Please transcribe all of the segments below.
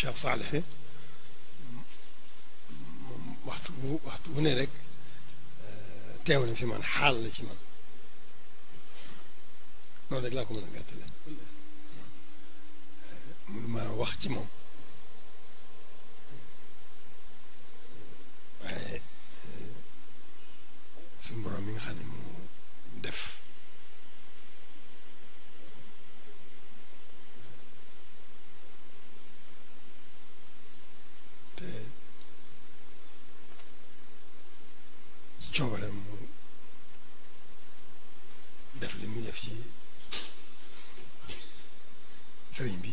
شاب صالح وقت وقت ونرك آه، تاون في من حال في من نودك لكم من قاتل آه، من ما وقت ما آه، سمبرامين خانم دف coobareem mu def li mu def ci sëriñ bi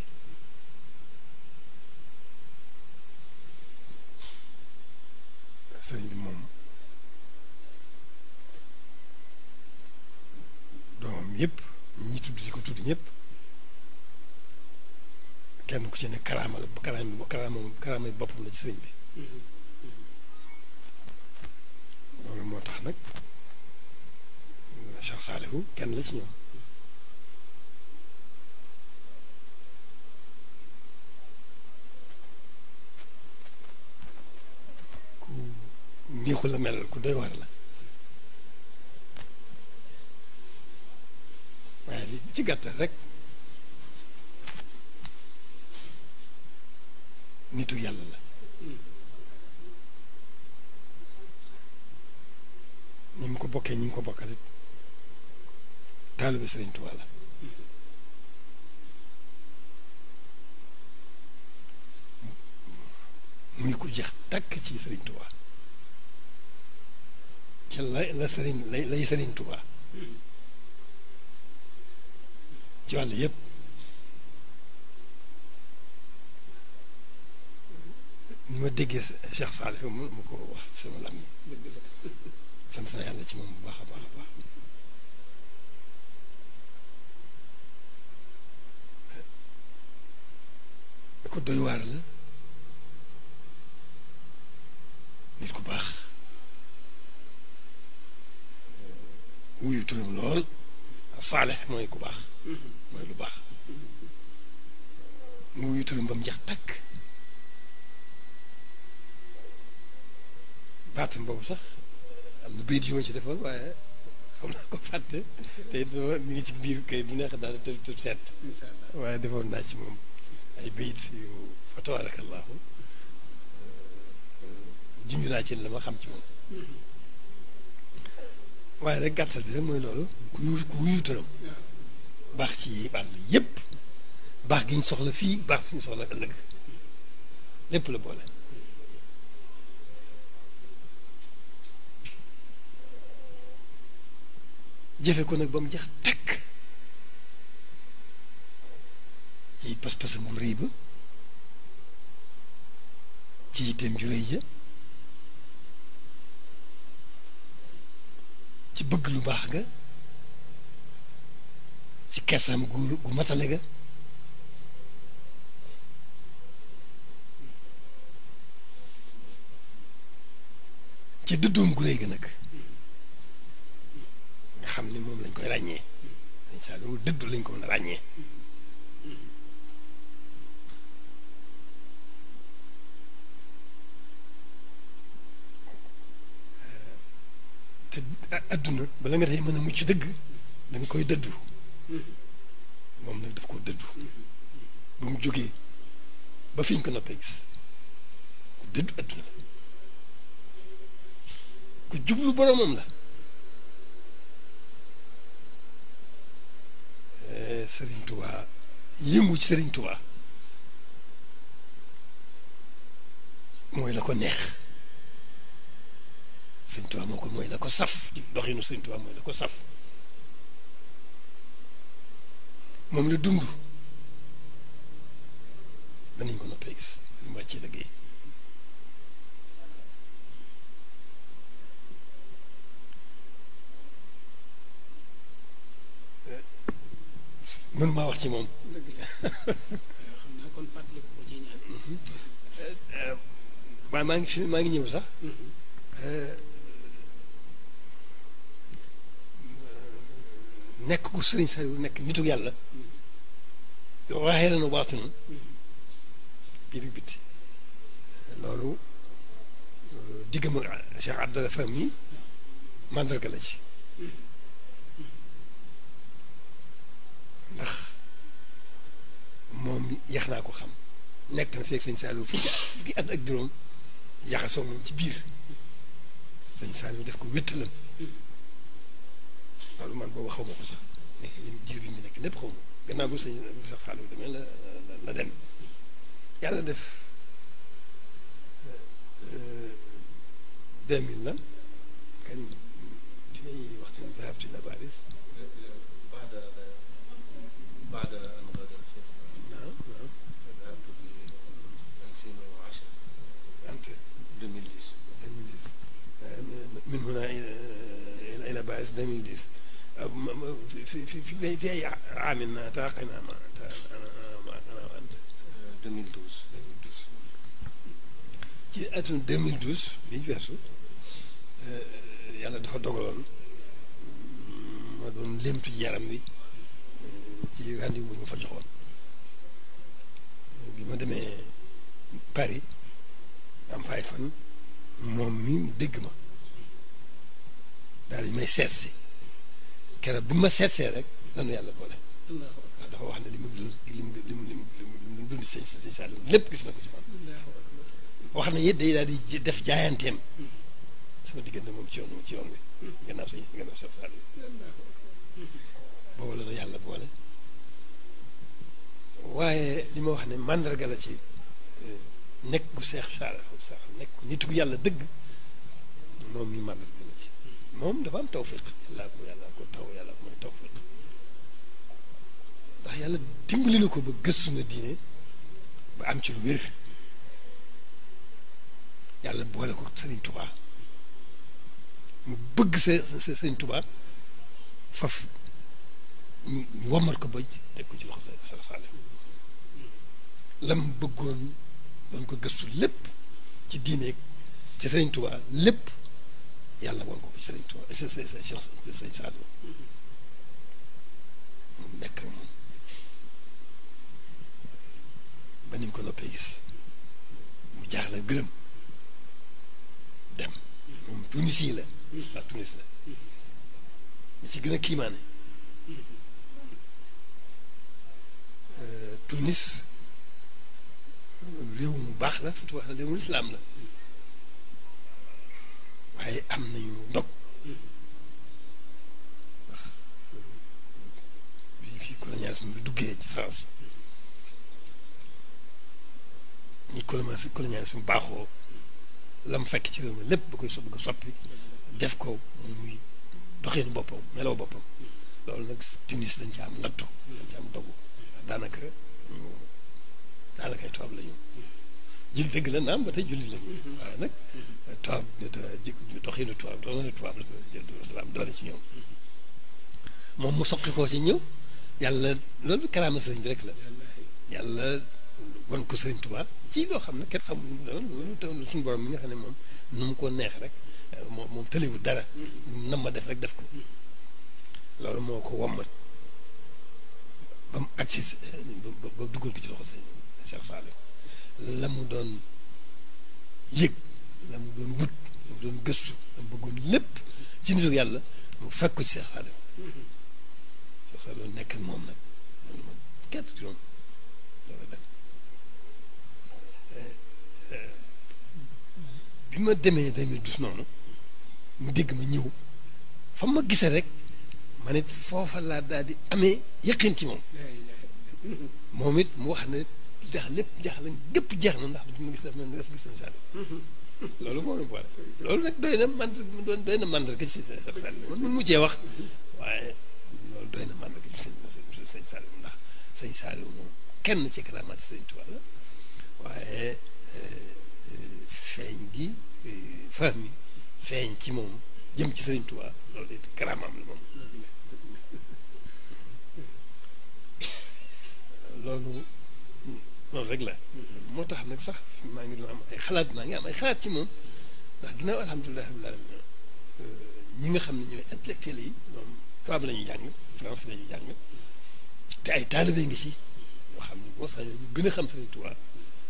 sëriñ bi moom doomam yépp ñu tudd di ko tudd ñépp kenn ku ci ne karaama la karaama karaama karaama boppam la ci sëriñ bi mm-hmm. kenn la ku neexu la melal ku doy war la waaye li ci gàttal rek nitu yàlla la ni mu ko bokkee ñi mu ko bokkalit taalibe Sëriñ Tuubaa la muy ku jeex takk ci Sëriñ Tuubaa ci la la Sëriñ lay lay Sëriñ Tuubaa ci wàll yépp ni ma déggee Cheikh Salif mu ko wax sama lam sant naa yàlla ci moom bu baax a baax a baax ku doy waar la nit ku baax wuyu turam lool saalex mooy ku baax mooy lu baax mu wuyu turam ba mu jeex takk baatam boobu sax am na bayit yu ma ci defoon waaye xam naa ko fàtte te it mi ngi ci biir kay bu neex daal te te seet waaye defoon naa ci moom ay bayit yu fa tabarakallahu euh, junj ci la ma xam ci moom waaye rek gàttal bi rek mooy loolu ku yu ku wuyutalam baax ci àll yépp baax gi ñu soxla fii baax gi ñu soxla ëllëg lépp la boole jëfe ko nag ba mu jeex takk ci pas-pasam gu rëy ba ci yitteem ju rëy ja ci bëgg lu baax nga ci kersam gu matale ga ci dëddoom gu rëy nag nga xam ne moom lañ koy ràññee incha allah dëddu lañ ko mën ràññee te adduna bala nga tey mën a mucc dëgg da koy dëddu moom nag daf ko dëddu ba mu jógee ba fi ñu ko noppee gis ku dëddu adduna la ku jublu boromam la eh, sëriñ tubaa yëngu ci sëriñ tubaa mooy la ko neex sëñ Tuubaa moo ko mooy la ko saf doxinu sëñ Tuubaa mooy la ko saf moom la dund danañ ko noppee gis danañ wàccee maa wax ci moom waaye maa ngi fi maa ngi ñëw sax mm-hmm. euh, nekk ku sëriñ Saliou nekk nitu yàlla waxee la nu baatunu bitig biti loolu euh, diggam ak Cheikh Abdallah Fam mi màndarga ci ndax moom yax naa ko xam nekk na feeg sëñ Saliou fukki fukki at ak juróom yaxasoo moom ci biir sëñ Saliou def ko wéttalam loolu man booba xaw ma ko sax nekk jiir bi ñu nekk lépp xaw ma gannaaw bu sëñ bu sax Saliou demee la la dem yàlla def deux mille la kan dinañuy waxtu dahabtu ila Paris بعد أن غادر الشيخ نعم نعم ذهبت في 2010 أنت 2010 2010 من هنا إلى إلى باريس 2010 في في في في اي عام تعاقدنا ci atum 2012 bi ñu yàlla dafa dogaloon ma doon lémtu yaram wi ci rendez-vous fa joxoon bi ma demee Paris am fay fan moom mi dégg ma daal di may seet si keroog bi ma seetsee rek lanu yàlla boole dafa wax ne li mu dund li mu li mu li mu dund sëñ lépp gis na ko si man wax na it day daal di def jaayanteem sama diggante moom ci yoon ci yoon bi gannaaw sëñ gannaaw sëñ Saliou boobu la yàlla boole waaye li ma wax ne màndarga la ci eh, nekk gu seex saara saara nekk nitu yàlla dëgg moom mi màndarga moom dafa am tawfiq yàllaa ko taw yàlla mooy tawfiq ndax yàlla dimbali na ko ba gëstu na diine ba am ci lu wér yàlla boole ko sëriñ tubaa mu bëgg sa sëriñ tubaa faf ñu wommat ko bëj teg ko ci loxo sa saale lam bëggoon doon ko gëstu lépp ci diine ci sëriñ tubaa lépp yàlla woon ko ci sëriñ Tuubaa Saadu moom nekk moom ba ni mu ko noppee gis mu jaaxle gërëm dem moom Tunis la waaw Tunis la ñi si gën a kiimaane euh, Tunis réew mu baax la fatuwax la réew mu lislaam la ay am nañu ndog ndax bi euh, fii colonialisme bi duggee ci France ñi colonialisme baaxoo la mu fekk ci réew mi lépp ba koy bëgg a soppi def ko muy doxinu boppam meloo boppam loolu nag Tunis dañ ci am nattu dañ ci am dogu daanaka daanaka ay tubaab la jig dëgg la naam ba tey jullit la waaye nag tubaab doxinu tubaab doxinu tubaab la ko moom mu soqi koo ci ñëw yàlla loolu karaama sëriñ bi rek la yàlla wan ko sëriñ Tuubaa ci loo xam ne kenn xamul suñu borom mi nga xam ne moom nu mu ko neex rek moom moom tëlewul dara nam ma def rek def ko loolu moo ko wommat ba mu agsi ba dugal ko ci loxo sëriñ Cheikh Saliou la mu doon yëg la mu doon wut la mu doon gëstu la mu bëggoon lépp ci nitu yàlla mu fekk ko ci Seex Saaliw Seex Saaliw nekk moom nag loolu moom gerte gi doon bi ma demee demee dus noonu mu dégg ma ñëw fa ma gisee rek ma nit foofa laa daal di amee yëqin ci moom moom it mu wax ne tax lépp jaaxle gépp jeex na ndax du ma gis daf mel ni dafa gis seen sàll. loolu moo ñu boole loolu nag doy na mand doy na mandarga ci seen sàll man mun mu cee wax waaye loolu doy na mandarga ci sañ sëñ Saliou moom kenn ci karaamaati sëñ Tuubaa la waaye eh, eh, feeñ ci moom jëm ci sëñ Tuubaa loolu it karaamaam la moom loolu loolu rek la. moo tax nag sax maa ngi doon am ay xalaat maa ngi am ay xalaat ci moom ndax ginnaaw alhamdulilah rabbil euh, ñi nga xam ne ñooy intellectuels yi moom tubaab la ñuy jàng français la ñuy jàng te ay taalibe ngi si yoo xam ne boo sañoon ñu gën a xam Sëriñ Tuubaa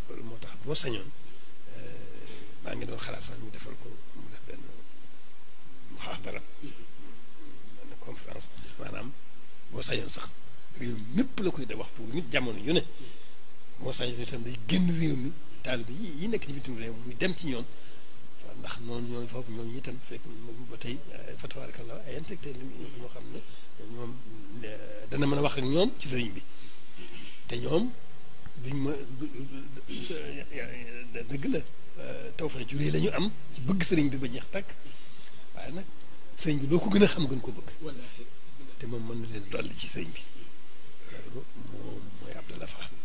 loolu moo tax boo sañoon euh, maa ngi doon xalaat sax mu defal ko mu def benn mu xaar benn conférence maanaam boo sañoon sax réew ñëpp la koy de wax pour nit jamono yu ne. moo sañ loolu itam day génn réew mi taalibe yi yi nekk ci bitim réew muy dem ci ñoom ndax noonu ñooñu foofu ñooñu itam fekk ba tey eh, fa tabarakallah ay intellectuel ñoo xam ne ñoom eh, dana mën a wax ak ñoom ci sëriñ bi te ñoom duñ ma dëgg la eh, tawfeex juree la ñu am ci bëgg sëriñ bi ba jeex tàkk waaye nag sëriñ bi loo ko gën a xam gën ko bëgg te moom mën na leen dolli ci sëriñ bi moom mooy Abdallah Fall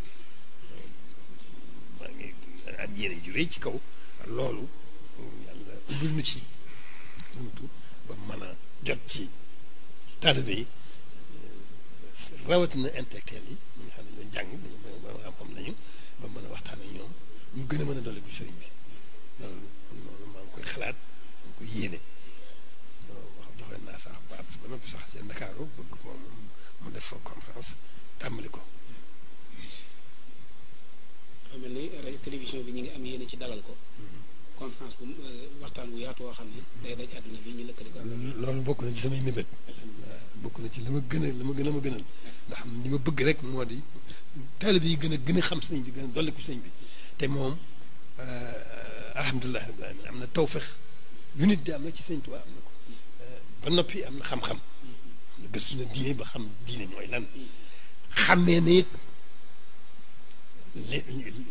ak yéene ju ci kaw loolu yàlla ubbil nu ci buntu ba mën a jot ci taalibe yi rawatina intellectuel yi mu nga xam ne ñoo jàng dañu mën a xam-xam lañu ba mën a waxtaan ak ñoom ñu gën a mën a dolli bu sëriñ bi loolu loolu maa ngi koy xalaat maa koy yéene wax joxe naa sax baat ba noppi sax seen Ndakaaru bëgg moom mu def foo conférence tàmbali ko dafa mel ni télévision bi ñu ngi am yéene ci dalal ko. conférence bu waxtaan bu yaatu woo xam ne. day daj àdduna bi ñu lëkkale ko. loolu bokk na ci samay mébét. bokk na ci li ma gën a li ma gën a ma gënal. ndax li ma bëgg rek moo di taalib yi gën a gën a xam sëñ bi gën a dolli ko sëñ bi te moom alhamdulilah rabbil alamin am na tawfeex yu nit di am na ci sëñ Tuubaa am na ko ba noppi am na xam-xam. gëstu na diine ba xam diine mooy lan xamee na it li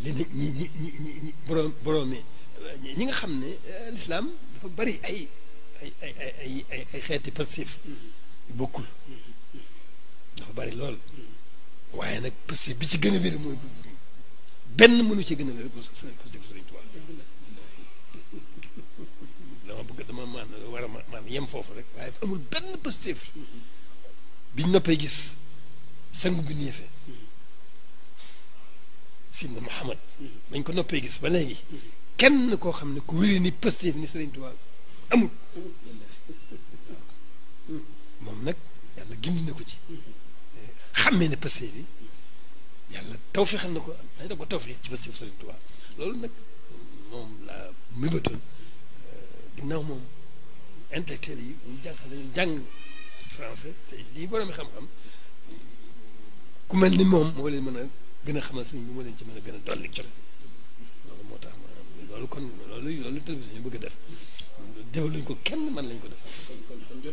li ñi ñi dafa bari ay ay ay ay xeeti passif bokkul dafa bari lool waaye nag passif bi ci gën a wér mooy benn mënu ci gën a wér passif Sëriñ Tuubaa dama bëgg dama maan war a maan yem foofu rek waaye amul benn passif biñ noppee gis sangu bi néefe سيدنا محمد من كنا بيجس بلاجي كم نكو خم نكويري ني بسي في نسرين توال أمود ممنك يلا جيم نكو جي خم من بسي في يلا توفي خم نكو هذا كو توفي جي بسي في نسرين توال لول نك مم لا مبتون جناو مم أنت تلي جان خلين جان فرنسي تي دي برا مخم كمان نمهم ولا منا gëna xamal sëriñ bi mo leen ci mëna gëna dolli ci lolu moo tax lolu kon lolu lolu télévision ñu bëgg a def defaluñ ko kenn man lañ ko def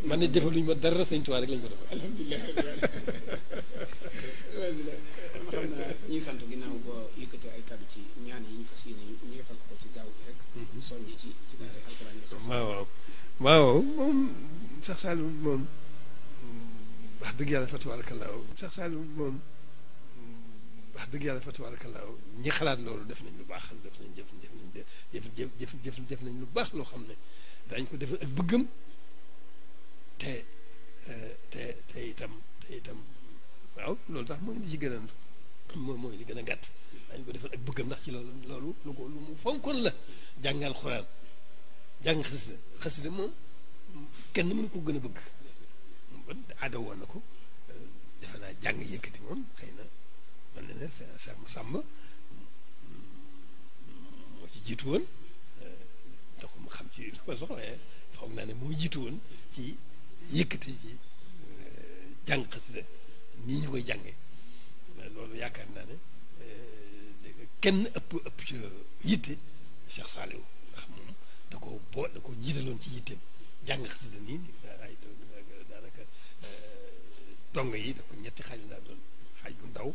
man ne defaluñ ma dara sëñ Tuubaa rek lañ ko def alhamdulilah xam sant ginnaaw boo yëkkatee ay kàddu ci ñaan yi ñu fas yéene ñu defal ko ci gaaw bi rek soññi ci ci daara alxuraan waaw waaw waaw sax Saalum moom wax dëgg yàlla fa tabarakallah sax Saalum moom wax dëgg yàlla fa tabarakallah ñi xalaat loolu def nañ lu baax def nañ jëf def nañ jëf jëf jëf def nañ lu baax loo xam ne dañ ko defal ak bëggam te te itam te itam waaw loolu tax mooy li gën a mooy mooy li gën a gàtt dañ ko defar ak bëggam ndax ci loolu loolu lu ko lu mu fonkoon la jàngal xuraan jàng xasida xasida moom kenn mënu ko gën a bëgg aada woon na ko defe naa jàng yëkkati moom xëy na man ne ne moo ci jiitu woon eh, taxul ma xam ci lu ko soxla naa ne moo jiitu woon ci yëkkati ci eh, jàng xasida nii ñu koy jànge eh, loolu yaakaar naa ne kenn ëpp ëpp ca yitte Cheikh Saliou nga xam moom da ko boo da ko jiitaloon ci yitteem jàng xasida nii ay daanaka dong yi da ko ñetti xaaj laa doon xaaj bu ndaw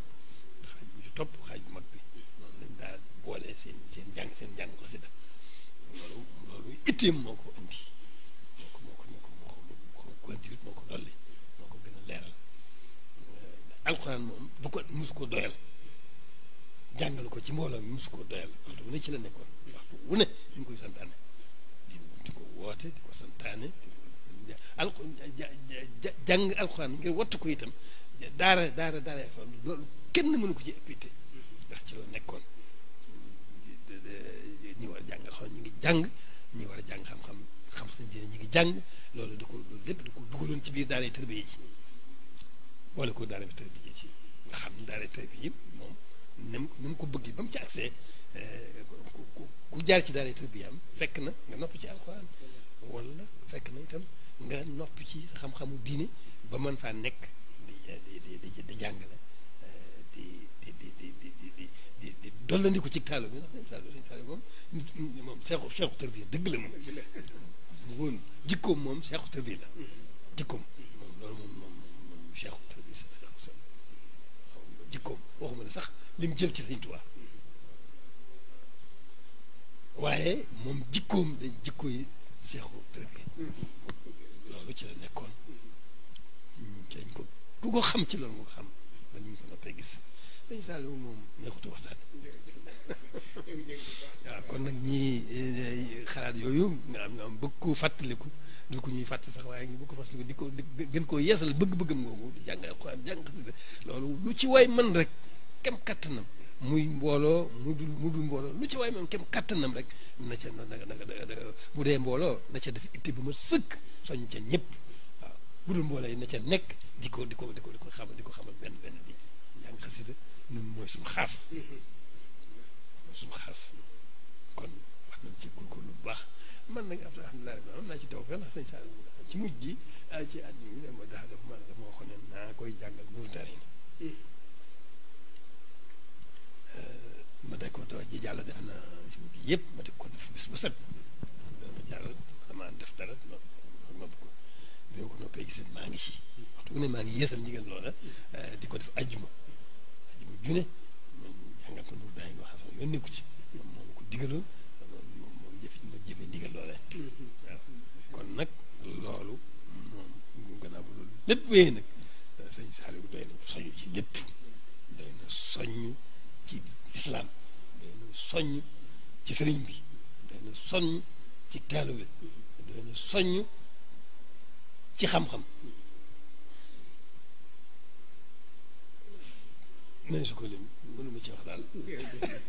topp xaaj bu mag bi dañ daa boole seen seen jàng seen jàng xasida loolu loolu itteem moo ko indi moo ko moo ko moo ko moo ko moo ko euh, doyal jàngal ko ci mbooloo mi musu ko doyal waxtu wu ne ci la nekkoon waxtu wu ne ñu koy santaane di di ko woote di ko santaane alxu jàng alxuraan ngir wattu ko itam daara daara daara loolu kenn mënu ko ci ëppite ndax ci loolu nekkoon ñi war a jàng xam ngi jàng ñi war a jàng xam-xam xam seen diine ñi ngi jàng loolu du ko lépp du ko dugaloon ci biir daaray tërbiye ji wala ko daara bi tërbiye ji xam ne daara tërbiye moom ni mu ni mu ko bëgg ba mu ci accès eh, ku ku jaar ci daara tërbiye am fekk na nga nopp ci alxuraan wala fekk na itam nga nopp ci xam-xamu diine ba mën faa nekk di di di di jàngale di dollandiku ci taalo bi ndax sëñ Saliou moom moom seexu seexu tarbiya dëgg la moom woon jikkoom moom seexu tarbiya jikkoom moom loolu moom moom seexu tarbiya jikkoom waxuma ne sax li jël ci sëñ Tuubaa waaye moom jikkoom dañ jikko yi seexu tarbiya loolu ci la nekkoon ku ko xam ci loolu moo xam sëñ Saliou moom neexutu waxtaan waaw kon nag ñii eh, xalaat yooyu am ñu am bëgg koo fàttaliku du ko ñuy fàtt sax waaye ñu bëgg ko di ko gën koo yeesal bëgg-bëggam ngoogu di jàng alxuraan jàng loolu lu ci waay man rek kem kattanam muy mbooloo mu dul mbooloo lu ci waay moom kem kattanam rek na ca na na bu dee mbooloo na ca def itte bu ma sëkk soñ ca ñëpp waaw bu dul mbooloo yi na ca nekk di ko di ko di ko di ko xamal ko xamal benn benn bi jàng xasida mooy suñu xaas mooy xaas kon wax nañ ci góorgóorlu bu baax man nag after alhamdulilah rabbil am naa ci taw fe ndax sëñ Saaliw ci mujj gi ah, dafa naa koy jàngal nuuru daarayni eh, ma dégg ji jàll def na si bi yëpp ma ko def bis bu def dara ma ma ko bi ma ko noppee gis maa ngi ci waxtu ne maa ngi yeesal ndigal loola eh, di ko def ajjuma ju ne jàngal ko loolu daañu wax sax yoon nekku ci moom moom ko digaloon moom moom jëfe moom jëfe ndigal loolee kon nag loolu moom gannaaw bu loolu lépp wéyee nag sëñ Saliou doy na soññ ci lépp doy na soññ ci lislaam doy na soññ ci sëriñ bi doy na soññ ci taalu doy na soññ ci xam-xam nañ su ko lim mënuma ci wax daal.